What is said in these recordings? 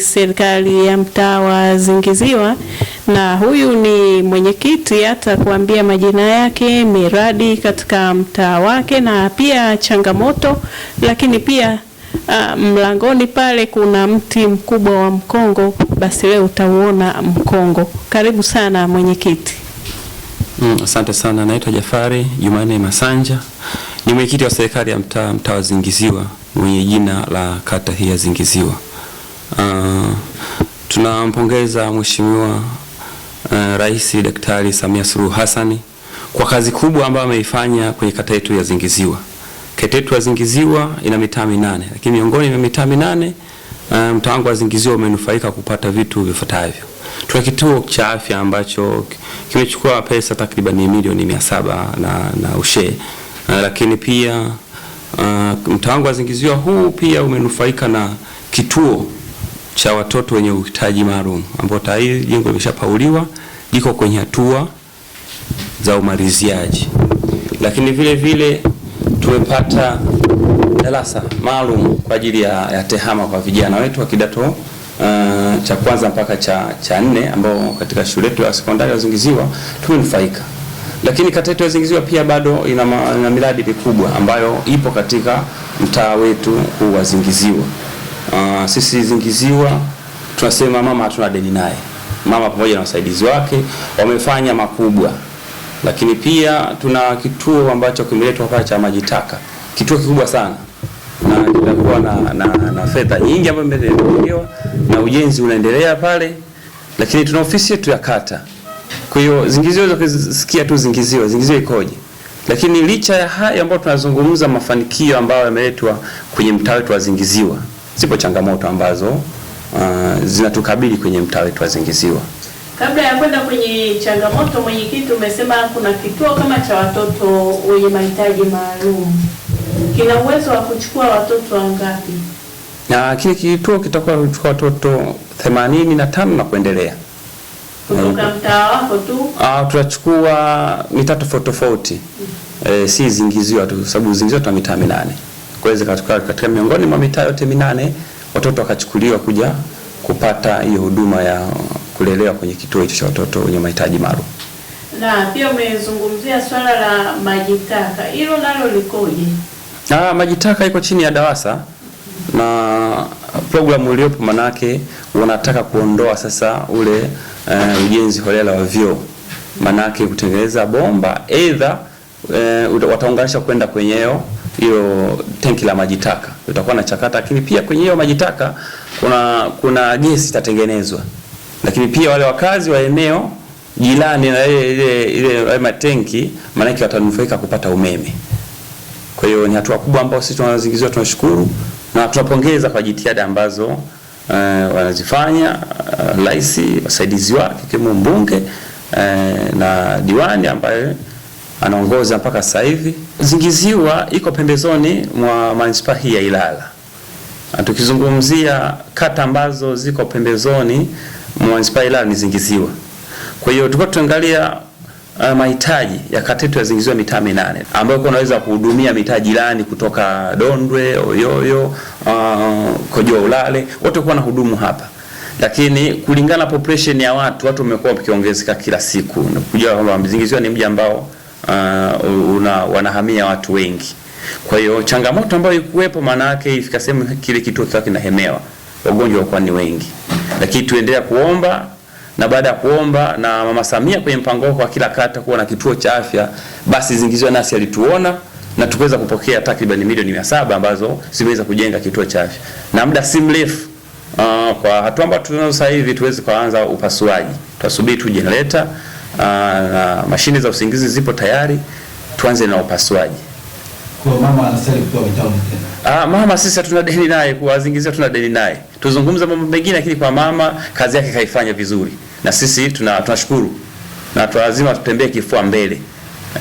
serikali ya mtaa wa Zingiziwa, na huyu ni mwenyekiti, atakuambia majina yake, miradi katika mtaa wake na pia changamoto, lakini pia Uh, mlangoni pale kuna mti mkubwa wa mkongo, basi leo utauona mkongo. Karibu sana mwenyekiti. Mm, asante sana, naitwa Jafari Jumane Masanja, ni mwenyekiti wa serikali ya mtaa mtaa wa Zingiziwa mwenye jina la kata hii ya Zingiziwa. Uh, tunampongeza Mheshimiwa uh, Rais Daktari Samia Suluhu Hassan kwa kazi kubwa ambayo ameifanya kwenye kata yetu ya Zingiziwa. Kata yetu ya Zingiziwa ina mitaa minane, lakini miongoni mwa mitaa minane uh, mtaa wangu wa Zingiziwa umenufaika kupata vitu vifuatavyo. Tuna kituo cha afya ambacho kimechukua pesa takriban milioni mia saba na, na ushe uh, lakini pia uh, mtaa wangu wa Zingiziwa huu pia umenufaika na kituo cha watoto wenye uhitaji maalum ambao tayari jengo limeshapauliwa liko kwenye hatua za umaliziaji, lakini vile vile tumepata darasa maalum kwa ajili ya, ya tehama kwa vijana wetu wa kidato uh, cha kwanza mpaka cha, cha nne ambao katika shule yetu ya sekondari Zingiziwa tumenufaika, lakini kata yetu ya Zingiziwa pia bado ina, miradi mikubwa ambayo ipo katika mtaa wetu huu wa Zingiziwa. Uh, sisi Zingiziwa tunasema mama hatuna deni naye. Mama pamoja na wasaidizi wake wamefanya makubwa, lakini pia tuna kituo ambacho kimeletwa hapa cha maji taka, kituo kikubwa sana na kitakuwa na, na, na fedha nyingi ambayo imetengewa na ujenzi unaendelea pale, lakini tuna ofisi yetu ya kata. Kwa hiyo Zingiziwa kusikia tu Zingiziwa, Zingiziwa ikoje? Lakini licha ya haya ambayo tunazungumza, mafanikio ambayo yameletwa kwenye mtaa wetu wa Zingiziwa zipo changamoto ambazo uh, zinatukabili kwenye mtaa wetu wa Zingiziwa. Kabla ya kwenda kwenye changamoto, mwenyekiti, umesema kuna kituo kama cha watoto wenye mahitaji maalum, kina uwezo wa kuchukua watoto wangapi? Na kile kituo kitakuwa kuchukua watoto themanini na tano na kuendelea kutoka mtaa wako tu? Ah, tutachukua mitaa tofauti tofauti, mm. E, si Zingiziwa tu, sababu Zingiziwa tuna mitaa minane kuweza katika, katika miongoni mwa mitaa yote minane watoto wakachukuliwa kuja kupata hiyo huduma ya kulelewa kwenye kituo hicho cha watoto wenye mahitaji maalum. Na pia umezungumzia swala la maji taka, hilo nalo likoje? Ah, maji taka iko chini ya DAWASA na programu uliopo manake wanataka kuondoa sasa ule uh, ujenzi holela wa vyoo, manake kutengeneza bomba aidha uh, eh, wataunganisha kwenda kwenyeo hiyo tenki la maji taka, utakuwa na chakata, lakini pia kwenye hiyo maji taka kuna kuna gesi itatengenezwa, lakini pia wale wakazi wa eneo jirani na ile ile matenki maanake watanufaika kupata umeme. Kwa hiyo ni hatua kubwa ambayo sisi tunazingizia, tunashukuru na tunapongeza kwa jitihada ambazo uh, wanazifanya uh, rais, wasaidizi wake, kiwemo mbunge uh, na diwani ambaye anaongoza mpaka sasa hivi. Zingiziwa iko pembezoni mwa manispaa hii ya Ilala. Tukizungumzia kata ambazo ziko pembezoni mwa manispaa ya Ilala ni Zingiziwa. Kwa hiyo tulikuwa tuangalia uh, mahitaji ya kata yetu ya Zingiziwa mitaa minane ambayo kwa unaweza kuhudumia mitaa jirani kutoka Dondwe, Oyoyo, uh, Kojo Ulale, wote kwa na hudumu hapa lakini kulingana population ya watu watu wamekuwa wakiongezeka kila siku, na kujua kwamba Zingiziwa ni mji ambao uh, una, wanahamia watu wengi. Kwa hiyo changamoto ambayo ikuwepo, maana yake ifika sehemu kile kituo kikawa kinahemewa, wagonjwa wakuwa ni wengi, lakini tuendelea kuomba na baada ya kuomba na Mama Samia kwenye mpango wake wa kila kata kuwa na kituo cha afya, basi Zingiziwa nasi alituona na tukaweza kupokea takriban milioni mia saba ambazo zimeweza kujenga kituo cha afya, na muda si mrefu uh, kwa hatua ambayo tunazo sasa hivi tuweze kuanza upasuaji. Tusubiri tu generator na ah, ah, mashine za usingizi zipo tayari, tuanze na upasuaji. Kwa mama ah, mama sisi hatuna deni naye, kwa hatuna deni naye. Tuzungumza mambo mengine, lakini kwa mama kazi yake kaifanya vizuri, na sisi tuna tunashukuru na lazima tutembee kifua mbele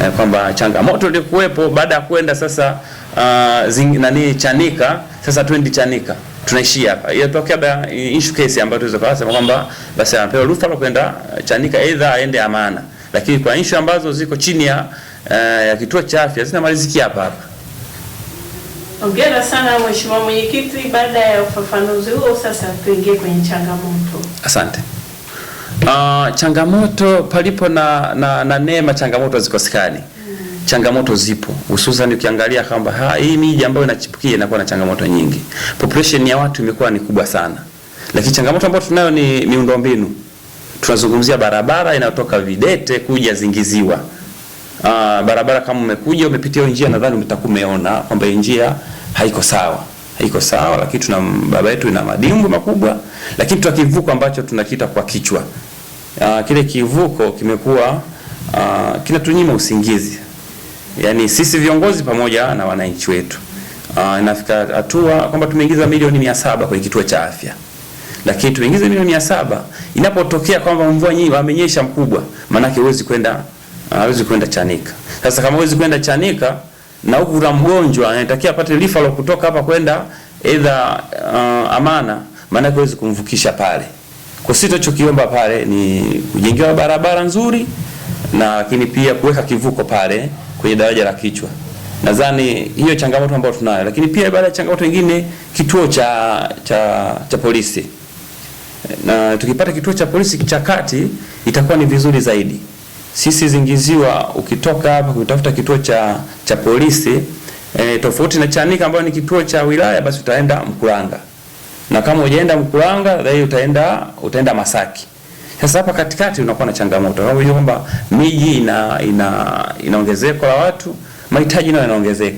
eh, kwamba changamoto ilikuwepo baada ya kwenda sasa, uh, zing, nani Chanika sasa, twendi Chanika tunaishia hapa. Inatokea ba issue case ambayo tunaweza kusema kwamba basi anapewa ruhusa ya kwenda eh, Chanika, aidha aende Amana, lakini kwa issue ambazo ziko chini ya uh, ya kituo cha afya zinamalizikia hapa hapa. Hongera sana Mheshimiwa Mwenyekiti, baada ya ufafanuzi huo sasa tuingie kwenye changamoto. Asante. Uh, changamoto palipo na na, na neema changamoto hazikosekani changamoto zipo, hususan ukiangalia kwamba hii miji ambayo inachipukia inakuwa na changamoto nyingi. Population ya watu imekuwa ni kubwa sana, lakini changamoto ambayo tunayo ni miundombinu. Tunazungumzia barabara inayotoka Videte kuja Zingiziwa. Aa, ah, barabara kama umekuja umepitia njia, nadhani mtakuwa umeona kwamba njia haiko sawa iko sawa, lakini tuna baba yetu ina madimbu makubwa, lakini tuna kivuko ambacho tunakita kwa kichwa. Aa, ah, kile kivuko kimekuwa ah, kinatunyima usingizi yani sisi viongozi pamoja na wananchi wetu. Uh, inafika hatua kwamba tumeingiza milioni mia saba kwenye kituo cha afya, lakini tumeingiza milioni mia saba inapotokea kwamba mvua nyingi amenyesha mkubwa, maanake huwezi kwenda hawezi ah, kwenda Chanika. Sasa kama huwezi kwenda Chanika na huku kuna mgonjwa anatakiwa apate referral kutoka hapa kwenda either uh, Amana, maanake huwezi kumvukisha pale. Kwa sisi tunachokiomba pale ni kujengewa barabara nzuri na lakini pia kuweka kivuko pale kwenye daraja la kichwa. Nadhani hiyo changamoto ambayo tunayo, lakini pia baada ya changamoto nyingine, kituo cha cha cha polisi, na tukipata kituo cha polisi cha kati itakuwa ni vizuri zaidi. Sisi Zingiziwa, ukitoka hapa kutafuta kituo cha cha polisi e, tofauti na Chanika ambayo ni kituo cha wilaya, basi utaenda Mkuranga, na kama ujaenda Mkuranga, dhahiri utaenda utaenda Masaki. Sasa hapa katikati unakuwa na changamoto kama hiyo kwamba miji ina ina inaongezeko la watu, mahitaji nayo yanaongezeka.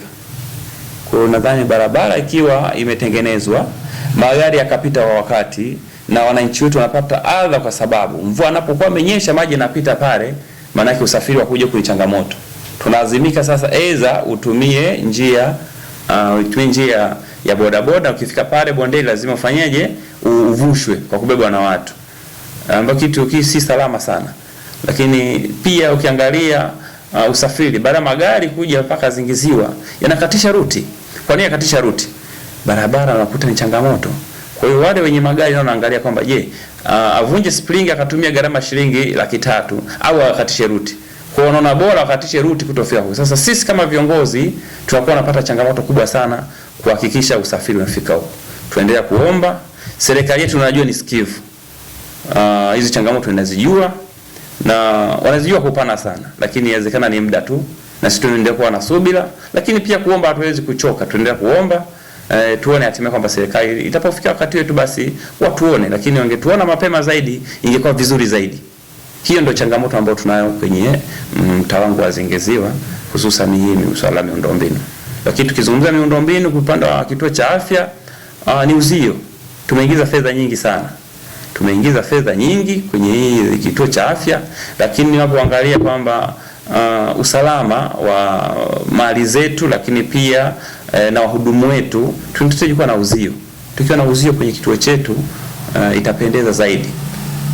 Kwa hiyo nadhani barabara ikiwa imetengenezwa, magari yakapita kwa wakati na wananchi wetu wanapata adha, kwa sababu mvua anapokuwa amenyesha maji yanapita pale, maana yake usafiri wa kuja kwenye changamoto. Tunalazimika sasa aidha utumie njia uh, utumie njia ya bodaboda. Ukifika pale bondeni lazima ufanyeje, uvushwe kwa kubebwa na watu ambayo kitu hiki si salama sana. Lakini pia ukiangalia uh, usafiri baada ya magari kuja mpaka zingiziwa yanakatisha ruti. Kwa nini yakatisha ruti? Barabara unakuta ni changamoto. Kwa hiyo wale wenye magari nao naangalia kwamba je, uh, avunje spring akatumia gharama shilingi laki tatu au akatishe ruti. Kwa hiyo unaona bora akatishe ruti kutofia huko. Sasa sisi kama viongozi tunakuwa tunapata changamoto kubwa sana kuhakikisha usafiri unafika huko. Tuendelea kuomba serikali yetu, tunajua ni sikivu. Ah, hizi Uh, changamoto ninazijua na wanazijua kwa upana sana, lakini inawezekana ni muda tu, na sisi tunaendelea kuwa na subira, lakini pia kuomba, hatuwezi kuchoka, tuendelea kuomba eh, tuone hatimaye kwamba serikali itapofika wakati wetu basi watuone, lakini wangetuona mapema zaidi ingekuwa vizuri zaidi. Hiyo ndio changamoto ambayo tunayo kwenye mm, mtaa wangu wa Zingeziwa, hususan hii ni swala la miundombinu. Lakini tukizungumza miundombinu, upande wa kituo cha afya uh, ni uzio, tumeingiza fedha nyingi sana tumeingiza fedha nyingi kwenye hii kituo cha afya, lakini ninapoangalia kwamba uh, usalama wa mali zetu, lakini pia eh, na wahudumu wetu, tunahitaji kuwa na uzio. Tukiwa na uzio kwenye kituo chetu uh, itapendeza zaidi.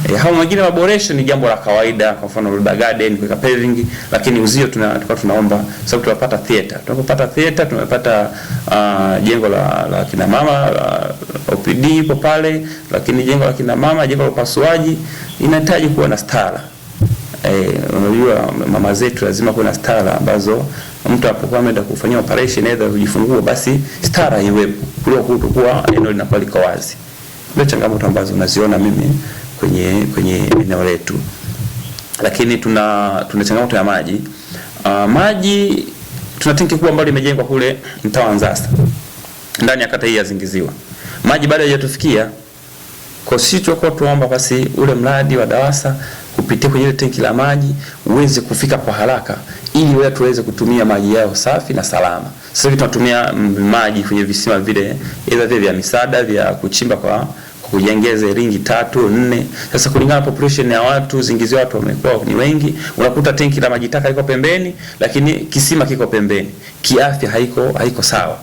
E, hao mengine maboresho ni jambo la kawaida, kwa mfano River Garden kuweka paving, lakini uzio tuna tulikuwa tunaomba sababu tunapata theater. Tunapopata theater tumepata uh, jengo la, la kina mama la OPD ipo pale, lakini jengo la kina mama, jengo la upasuaji inahitaji kuwa na stara. Eh, unajua mama zetu lazima kuwa na stara ambazo mtu apokuwa ameenda kufanyia operation aidha kujifungua, basi stara iwepo, kuliko kutokuwa eneo linakuwa liko wazi. Ndio changamoto ambazo naziona mimi kwenye kwenye eneo letu, lakini tuna tuna changamoto ya maji uh, maji tuna tenki kubwa ambalo limejengwa kule mtaa wa Nzasa ndani ya kata hii ya Zingiziwa, maji bado hayajatufikia. Kwa sisi tulikuwa tuomba basi ule mradi wa DAWASA kupitia kwenye ile tenki la maji uweze kufika kwa haraka, ili wewe tuweze kutumia maji yao safi na salama. Sasa hivi tunatumia maji kwenye visima vile, aidha vile vya misaada vya kuchimba kwa ujengeze ringi tatu nne. Sasa kulingana population ya watu zingizi, watu wamekuwa ni wengi, unakuta tenki la maji taka liko pembeni, lakini kisima kiko pembeni, kiafya haiko haiko sawa.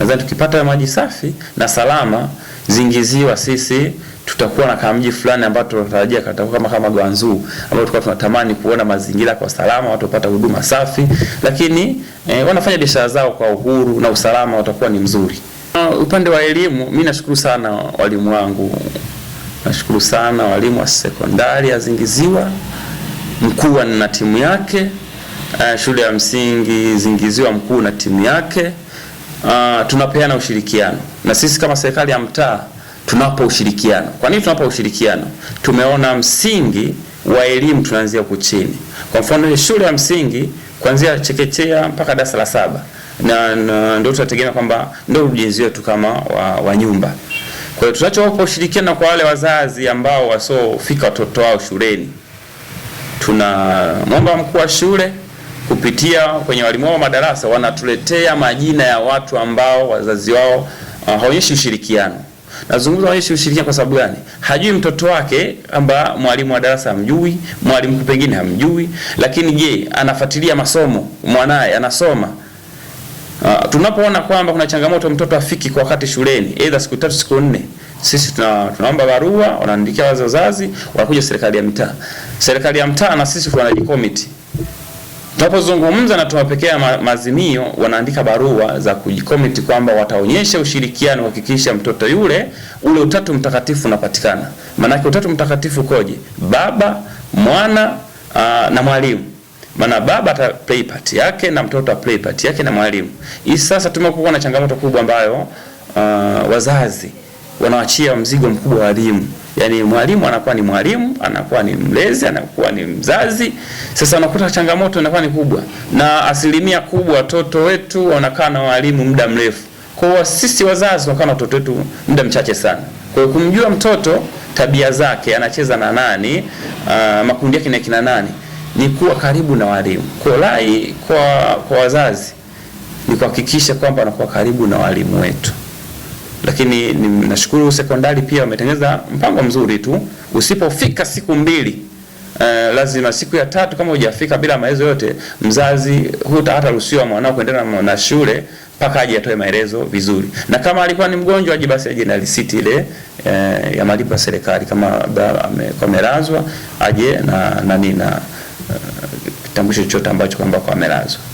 Nadhani tukipata maji safi na salama zingiziwa, sisi tutakuwa na kamji fulani ambao tunatarajia katakuwa kama kama Gwanzu ambao tulikuwa tunatamani kuona mazingira kwa salama, watu wapata huduma safi, lakini eh, wanafanya biashara zao kwa uhuru na usalama watakuwa ni mzuri. Uh, upande wa elimu mimi nashukuru sana walimu wangu, nashukuru sana walimu wa sekondari Azingiziwa, Mkuu na timu yake, uh, shule ya msingi Zingiziwa Mkuu na timu yake. Uh, tunapeana ushirikiano na sisi kama serikali ya mtaa tunapa ushirikiano. Kwa nini tunapo ushirikiano? Tumeona msingi wa elimu tunaanzia huko chini. Kwa mfano shule ya msingi kuanzia chekechea mpaka darasa la saba na, na ndio tutategemea kwamba ndio ujenzi wetu kama wa, wa nyumba. Kwa hiyo tunachowapa ushirikiano kwa wale wazazi ambao wasiofika watoto wao shuleni, tunamwomba mkuu wa shule kupitia kwenye walimu wao madarasa wanatuletea majina ya watu ambao wazazi wao uh, haonyeshi ushirikiano. Nazungumza haonyeshi ushirikiano kwa sababu gani? Hajui mtoto wake amba mwalimu wa darasa hamjui, mwalimu pengine hamjui, lakini je, anafuatilia masomo? Mwanaye anasoma tunapoona kwamba kuna changamoto mtoto afiki kwa wakati shuleni, aidha siku tatu siku nne, sisi tuna, tunaomba barua, wanaandikia wazazi, wanakuja serikali ya mitaa. Serikali ya mtaa na sisi tunajikomiti tunapozungumza na tunapekea maazimio, wanaandika barua za kujikomiti kwamba wataonyesha ushirikiano kuhakikisha mtoto yule ule utatu mtakatifu unapatikana. Maanake utatu mtakatifu koje? Baba, mwana aa, na mwalimu maana baba ata play part yake na mtoto ata play part yake na mwalimu. Hii sasa tumekuwa na changamoto kubwa ambayo uh, wazazi wanaachia mzigo mkubwa wa walimu. Yaani mwalimu anakuwa ni mwalimu, anakuwa ni mlezi, anakuwa ni mzazi. Sasa unakuta changamoto inakuwa ni kubwa, na asilimia kubwa watoto wetu wanakaa na walimu muda mrefu. Kwa hiyo sisi wazazi tunakaa na watoto wetu muda mchache sana. Kwa hiyo kumjua mtoto tabia zake, anacheza na nani, uh, makundi yake ni kina nani ni kuwa karibu na walimu. Kulai kwa, kwa wazazi ni kuhakikisha kwamba wanakuwa karibu na walimu wetu. Lakini nashukuru sekondari pia wametengeneza mpango mzuri tu, usipofika siku mbili Uh, lazima siku ya tatu kama hujafika bila maelezo yote, mzazi huta hata ruhusiwa mwanao kuendelea na, na shule mpaka aje atoe maelezo vizuri, na kama alikuwa ni mgonjwa aje basi aje na risiti ile uh, ya malipo ya serikali, kama amelazwa aje na nani na, na, na kitambulisho chochote ambacho kwamba wamelazwa.